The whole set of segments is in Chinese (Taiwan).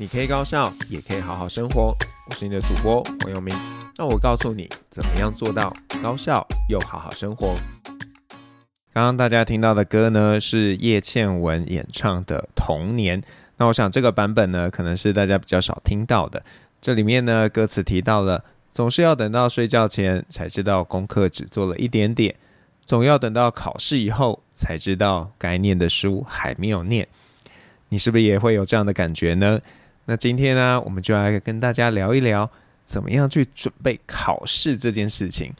你可以高效，也可以好好生活。我是你的主播黃佑明，那我告訴你怎麼樣做到高效又好好生活。剛剛大家聽到的歌呢，是葉倩文演唱的《童年》。那我想這個版本呢，可能是大家比較少聽到的。這裡面呢，歌詞提到了，總是要等到睡覺前才知道功課只做了一點點，總要等到考試以後才知道該念的書還沒有念。你是不是也會有這樣的感覺呢？那今天呢、啊，我們就來跟大家聊一聊怎麼樣去準備考試這件事情。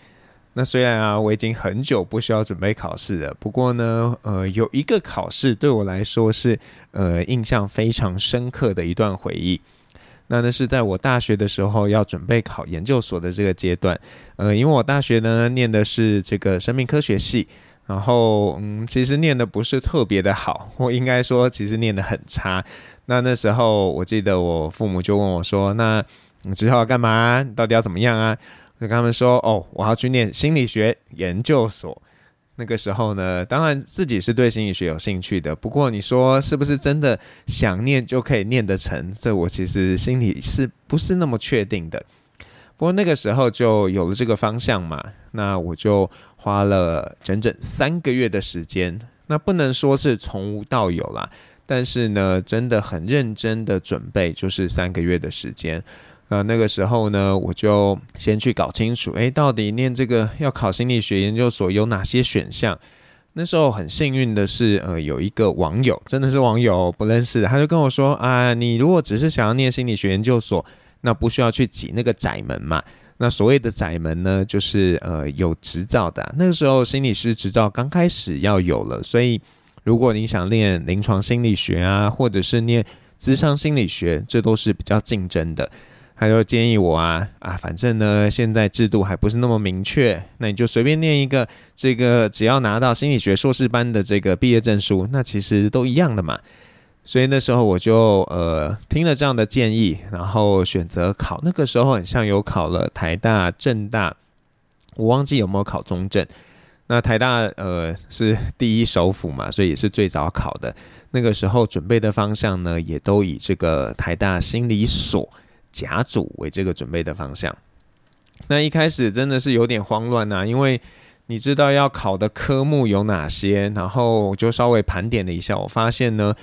那雖然啊，我已經很久不需要準備考試了，不過呢，呃，有一個考試對我來說是呃印象非常深刻的一段回憶。那那是在我大學的時候要準備考研究所的這個階段。呃，因為我大學呢念的是這個生命科學系。然後，嗯，其實念的不是特別的好，我應該說其實念得很差。那那時候，我記得我父母就問我說：“那你之後要幹嘛啊？到底要怎麼樣啊？”就跟他們說：“哦，我要去念心理學研究所。”那個時候呢，當然自己是對心理學有興趣的，不過你說是不是真的想念就可以念得成？這我其實心裡是不是那麼確定的？不過那個時候就有了這個方向嘛，那我就花了整整三個月的時間。那不能說是從無到有啦，但是呢，真的很認真的準備，就是三個月的時間。呃，那個時候呢，我就先去搞清楚，哎，到底念這個要考心理學研究所有哪些選項。那時候很幸運的是，呃，有一個網友，真的是網友，不認識，他就跟我說啊，呃，你如果只是想要念心理學研究所。那不需要去擠那個窄門嘛。那所謂的窄門呢，就是呃有執照的、啊、那個時候，心理師執照剛開始要有了。所以如果你想念臨床心理學啊，或者是念諮商心理學，這都是比較競爭的。他就建議我啊啊，反正呢，現在制度還不是那麼明確，那你就隨便念一個，這個只要拿到心理學碩士班的這個畢業證書，那其實都一樣的嘛。所以那時候我就呃聽了這樣的建議，然後選擇考。那個時候好像有考了台大、政大，我忘記有沒有考中正。那台大呃是第一首府嘛，所以也是最早考的。那個時候準備的方向呢，也都以這個台大心理所甲組為這個準備的方向。那一開始真的是有點慌亂吶、啊，因為你知道要考的科目有哪些，然後就稍微盤點了一下，我發現呢。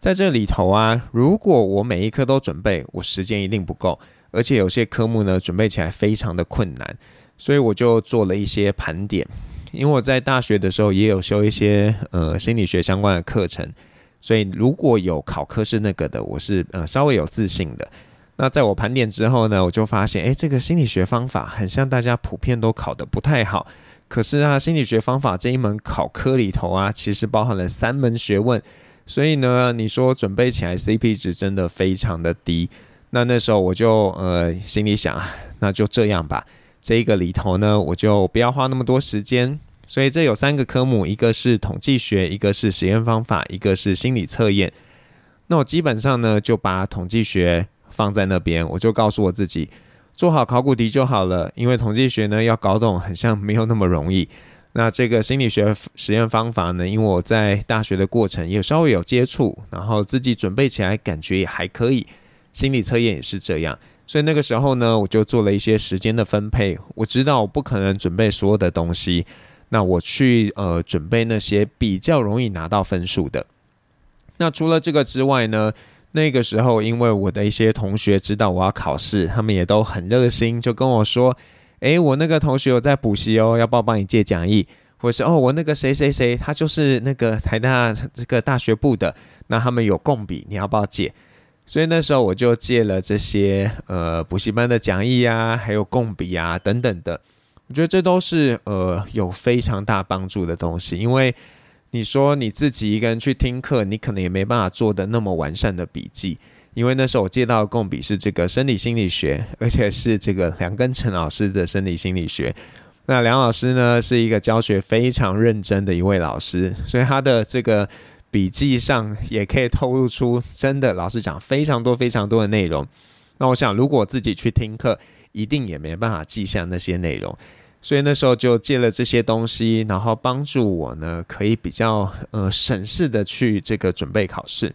在這裡頭啊，如果我每一科都準備，我時間一定不夠，而且有些科目呢準備起來非常的困難，所以我就做了一些盤點。因為我在大學的時候也有修一些呃心理學相關的課程，所以如果有考科是那個的，我是呃稍微有自信的。那在我盤點之後呢，我就發現，欸，這個心理學方法很像大家普遍都考得不太好。可是啊，心理學方法這一門考科裡頭啊，其實包含了三門學問。所以呢，你說準備起來 CP 值真的非常的低，那那時候我就呃心裡想啊，那就這樣吧，這個裡頭呢，我就不要花那麼多時間。所以這有三個科目，一個是統計學，一個是實驗方法，一個是心理測驗。那我基本上呢，就把統計學放在那邊，我就告訴我自己，做好考古題就好了，因為統計學呢要搞懂，好像沒有那麼容易。那這個心理學實驗方法呢，因為我在大學的過程也稍微有接觸，然後自己準備起來感覺也還可以。心理測驗也是這樣，所以那個時候呢，我就做了一些時間的分配。我知道我不可能準備所有的東西，那我去呃準備那些比較容易拿到分數的。那除了這個之外呢，那個時候因為我的一些同學知道我要考試，他們也都很熱心，就跟我說。誒，我那個同學有在補習哦，要不要幫你借講義？或者是哦，我那個誰誰誰，他就是那個台大這個大學部的，那他們有共筆，你要不要借？所以那時候我就借了這些呃補習班的講義啊，還有共筆啊等等的。我覺得這都是呃有非常大幫助的東西，因為你說你自己一個人去聽課，你可能也沒辦法做得那麼完善的筆記。因為那時候我借到的共筆是這個生理心理學，而且是這個梁庚辰老師的生理心理學。那梁老師呢是一個教學非常認真的一位老師，所以他的這個筆記上也可以透露出真的老師講非常多非常多的內容。那我想如果自己去聽課，一定也沒辦法記下那些內容，所以那時候就借了這些東西，然後幫助我呢可以比較呃省事的去這個準備考試。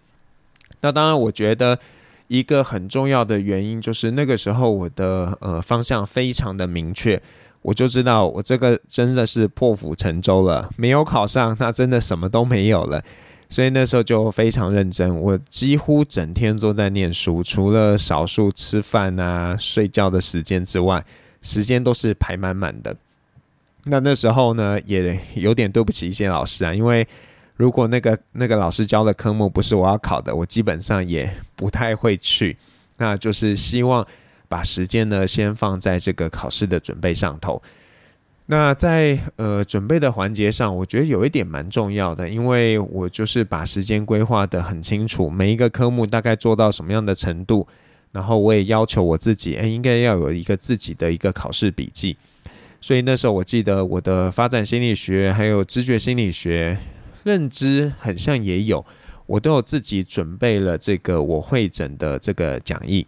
那當然，我覺得一個很重要的原因就是那個時候我的呃方向非常的明確，我就知道我這個真的是破釜沉舟了，沒有考上，那真的什麼都沒有了，所以那時候就非常認真，我幾乎整天都在念書，除了少數吃飯啊、睡覺的時間之外，時間都是排滿滿的。那那時候呢，也有點對不起一些老師啊，因為。如果那個那個老師教的科目不是我要考的，我基本上也不太會去。那就是希望把時間呢先放在這個考試的準備上頭。那在呃準備的環節上，我覺得有一點蠻重要的，因為我就是把時間規劃得很清楚，每一個科目大概做到什麼樣的程度，然後我也要求我自己，誒，應該要有一個自己的一個考試筆記。所以那時候我記得我的發展心理學還有知覺心理學。認知好像也有，我都有自己準備了這個我彙整的這個講義。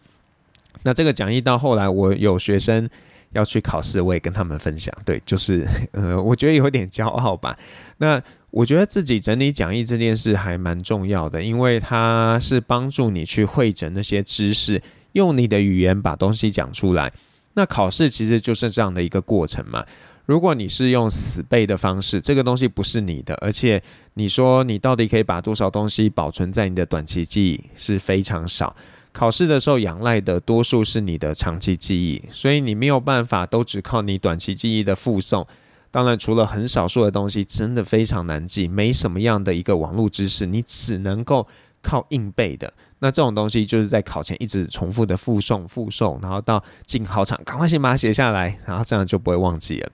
那這個講義到後來，我有學生要去考試，我也跟他們分享。對，就是呃，我覺得有點驕傲吧。那我覺得自己整理講義這件事還蠻重要的，因為它是幫助你去彙整那些知識，用你的語言把東西講出來。那考試其實就是這樣的一個過程嘛。如果你是用死背的方式，這個東西不是你的，而且你說你到底可以把多少東西保存在你的短期記憶，是非常少。考試的時候仰賴的多數是你的長期記憶，所以你沒有辦法都只靠你短期記憶的複誦。當然，除了很少數的東西，真的非常難記，沒什麼樣的一個網絡知識，你只能夠靠硬背的。那這種東西就是在考前一直重複的複誦、複誦，然後到進考場趕快先把它寫下來，然後這樣就不會忘記了。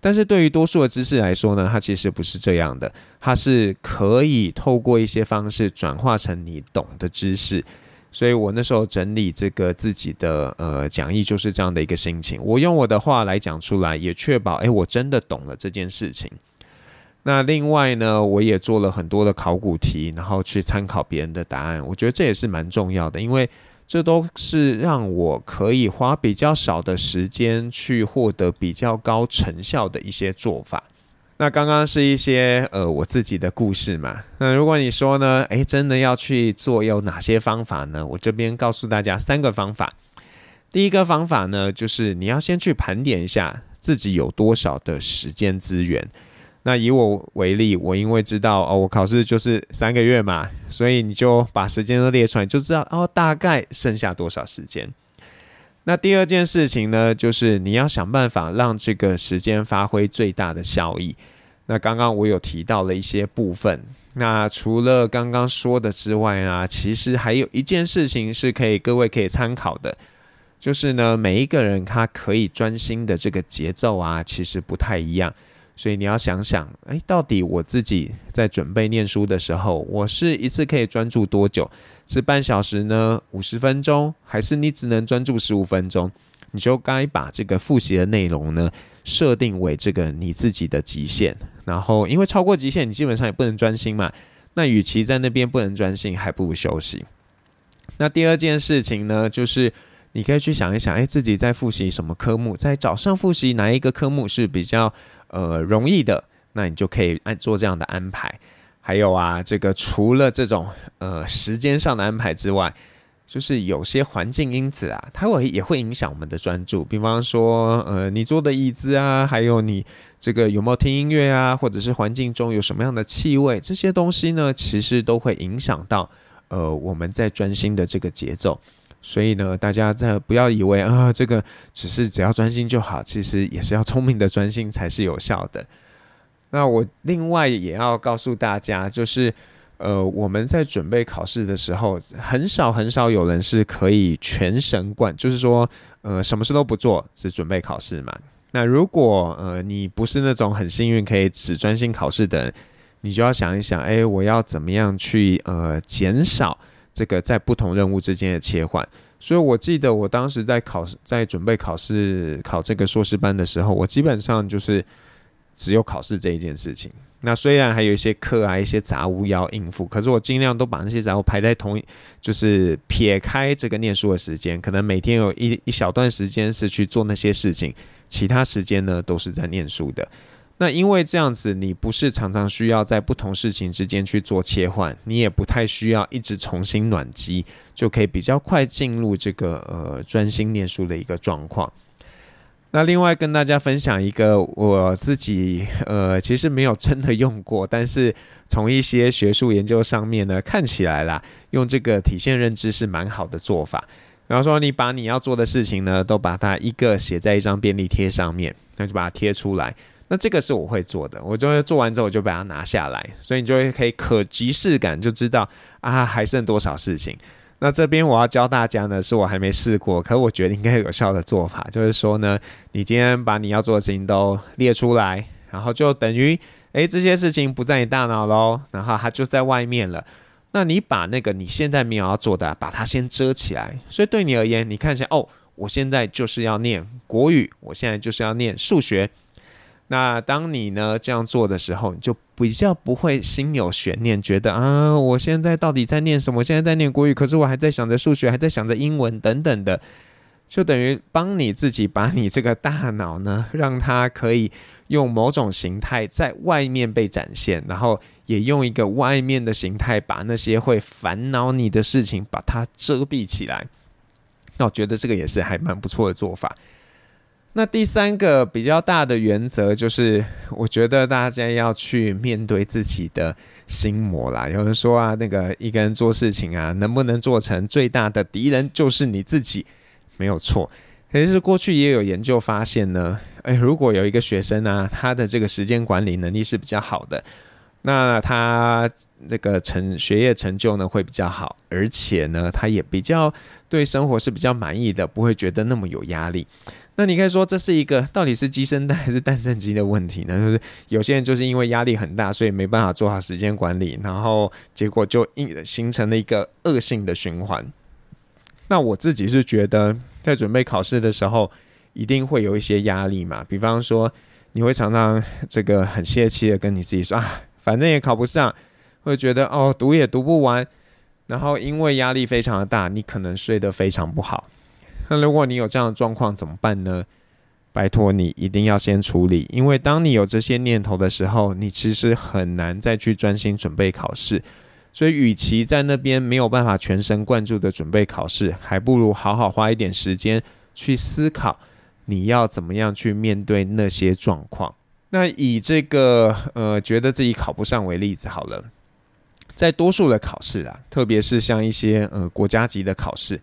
但是對於多數的知識來說呢，它其實不是這樣的，它是可以透過一些方式轉化成你懂的知識。所以我那時候整理這個自己的呃講義就是這樣的一個心情，我用我的話來講出來，也確保哎、欸、我真的懂了這件事情。那另外呢，我也做了很多的考古題，然後去參考別人的答案，我覺得這也是蠻重要的，因為這都是讓我可以花比較少的時間去獲得比較高成效的一些做法。那剛剛是一些呃我自己的故事嘛。那如果你說呢，誒，真的要去做，有哪些方法呢？我這邊告訴大家三個方法。第一個方法呢，就是你要先去盤點一下自己有多少的時間資源。那以我為例，我因為知道哦，我考試就是三個月嘛，所以你就把時間都列出來，就知道哦，大概剩下多少時間。那第二件事情呢，就是你要想辦法讓這個時間發揮最大的效益。那剛剛我有提到了一些部分，那除了剛剛說的之外啊，其實還有一件事情是可以各位可以參考的，就是呢，每一個人他可以專心的這個節奏啊，其實不太一樣。所以你要想想，哎，到底我自己在準備念書的時候，我是一次可以專注多久？是半小時呢？五十分鐘？還是你只能專注十五分鐘？你就該把這個複習的內容呢，設定為這個你自己的極限。然後，因為超過極限，你基本上也不能專心嘛。那與其在那邊不能專心，還不如休息。那第二件事情呢，就是你可以去想一想，哎，自己在複習什麼科目？在早上複習哪一個科目是比較？呃，容易的，那你就可以按做這樣的安排。還有啊，這個除了這種呃時間上的安排之外，就是有些環境因子啊，它會也會影響我們的專注。比方說，呃，你坐的椅子啊，還有你這個有沒有聽音樂啊，或者是環境中有什麼樣的氣味，這些東西呢，其實都會影響到呃我們在專心的這個節奏。所以呢，大家在不要以為啊，這個只是只要專心就好，其實也是要聰明的專心才是有效的。那我另外也要告訴大家，就是呃，我們在準備考試的時候，很少很少有人是可以全神貫注，就是說呃，什麼事都不做，只準備考試嘛。那如果呃你不是那種很幸運可以只專心考試的人，你就要想一想，欸，我要怎麼樣去呃減少。這個在不同任務之間的切換，所以我記得我當時在考試，在準備考試考這個碩士班的時候，我基本上就是只有考試這一件事情。那雖然還有一些課啊、一些雜物要應付，可是我盡量都把那些雜物排在同一，就是撇開這個念書的時間，可能每天有一一小段時間是去做那些事情，其他時間呢都是在念書的。那因為這樣子，你不是常常需要在不同事情之間去做切換，你也不太需要一直重新暖機，就可以比較快進入這個呃專心念書的一個狀況。那另外跟大家分享一個我自己呃，其實沒有真的用過，但是從一些學術研究上面呢，看起來啦，用這個體現認知是蠻好的做法。然後說你把你要做的事情呢，都把它一個寫在一張便利貼上面，那就把它貼出來。那這個是我會做的，我就會做完之後我就把它拿下來，所以你就會可以可即視感就知道啊，還剩多少事情。那這邊我要教大家呢，是我還沒試過，可我覺得應該有效的做法，就是說呢，你今天把你要做的事情都列出來，然後就等於誒、欸，這些事情不在你大腦嘍，然後它就在外面了。那你把那個你現在沒有要做的，把它先遮起來，所以對你而言，你看一下哦，我現在就是要念國語，我現在就是要念數學。那當你呢這樣做的時候，你就比較不會心有懸念，覺得啊，我現在到底在念什麼？我現在在念國語，可是我還在想着數學，還在想着英文等等的，就等於幫你自己把你這個大腦呢，讓它可以用某種形態在外面被展現，然後也用一個外面的形態把那些會煩惱你的事情把它遮蔽起來。那我覺得這個也是還蠻不錯的做法。那第三個比較大的原則就是，我覺得大家要去面對自己的心魔啦。有人說啊，那個一個人做事情啊，能不能做成最大的敵人就是你自己，沒有錯。可是過去也有研究發現呢，誒，如果有一個學生啊，他的這個時間管理能力是比較好的，那他這個成學業成就呢會比較好，而且呢，他也比較對生活是比較滿意的，不會覺得那麼有壓力。那你可以說這是一個到底是雞生蛋還是蛋生雞的問題呢？就是有些人就是因為壓力很大，所以沒辦法做好時間管理，然後結果就形成了一個惡性的循環。那我自己是覺得，在準備考試的時候，一定會有一些壓力嘛。比方說，你會常常這個很泄氣的跟你自己說啊，反正也考不上，會覺得哦，讀也讀不完，然後因為壓力非常的大，你可能睡得非常不好。那如果你有這樣的狀況怎麼辦呢？拜托你一定要先處理，因為當你有這些念頭的時候，你其實很難再去專心準備考試。所以，與其在那邊沒有辦法全神貫注的準備考試，還不如好好花一點時間去思考你要怎麼樣去面對那些狀況。那以這個呃，覺得自己考不上為例子好了，在多數的考試啊，特別是像一些呃國家級的考試。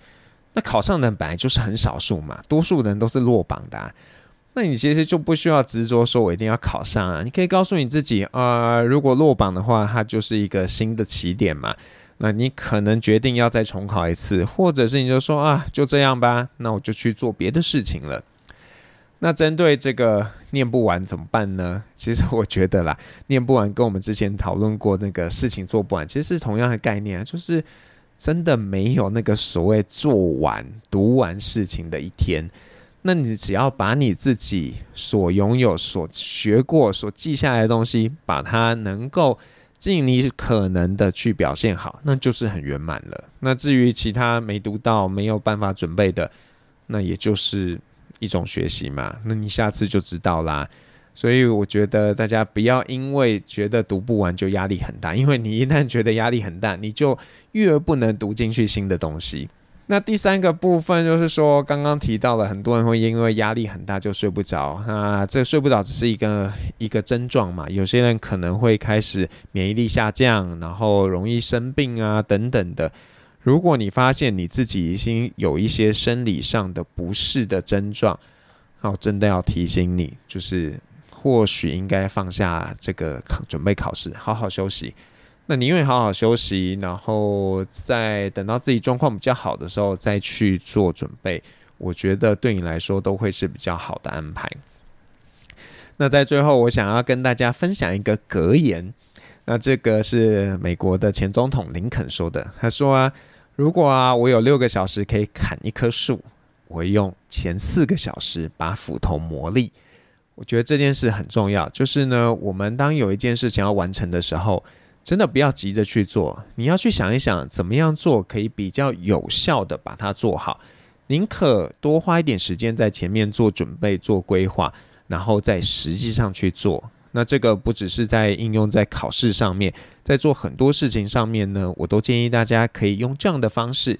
那考上的本來就是很少數嘛，多數人都是落榜的啊。那你其實就不需要執着說，我一定要考上啊。你可以告訴你自己啊，呃，如果落榜的話，它就是一個新的起點嘛。那你可能決定要再重考一次，或者是你就說啊，就這樣吧，那我就去做別的事情了。那針對這個念不完怎麼辦呢？其實我覺得啦，念不完跟我們之前討論過那個事情做不完，其實是同樣的概念啊，就是。真的沒有那個所謂做完、讀完事情的一天，那你只要把你自己所擁有、所學過、所記下來的東西，把它能夠盡你可能的去表現好，那就是很圓滿了。那至於其他沒讀到、沒有辦法準備的，那也就是一種學習嘛。那你下次就知道啦。所以我覺得大家不要因為覺得讀不完就壓力很大，因為你一旦覺得壓力很大，你就越不能讀進去新的東西。那第三個部分就是說，剛剛提到了很多人會因為壓力很大就睡不着，那這睡不着只是一個一個症狀嘛。有些人可能會開始免疫力下降，然後容易生病啊等等的。如果你發現你自己已經有一些生理上的不適的症狀，好真的要提醒你，就是。或許應該放下這個準備考試，好好休息。那你願意好好休息，然後再等到自己狀況比較好的時候再去做準備，我覺得對你來說都會是比較好的安排。那在最後，我想要跟大家分享一個格言，那這個是美國的前總統林肯說的。他說啊：“如果啊，我有六個小時可以砍一棵樹，我會用前四個小時把斧頭磨利。”我覺得這件事很重要，就是呢，我們當有一件事情要完成的時候，真的不要急着去做，你要去想一想，怎麼樣做可以比較有效的把它做好，寧可多花一點時間在前面做準備、做規劃，然後在實際上去做。那這個不只是在應用在考試上面，在做很多事情上面呢，我都建議大家可以用這樣的方式。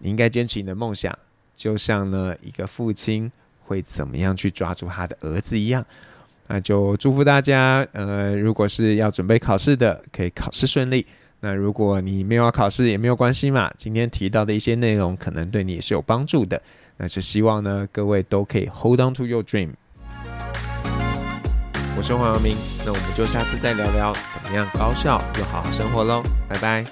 你應該堅持你的夢想，就像呢，一個父親會怎麼樣去抓住他的兒子一樣。那就祝福大家，呃，如果是要準備考試的，可以考試順利；那如果你沒有要考試也沒有關係嘛。今天提到的一些內容，可能對你也是有幫助的。那就希望呢，各位都可以 hold on to your dream。我是黃耀明，那我們就下次再聊聊怎麼樣高效又好好生活嘍，拜拜。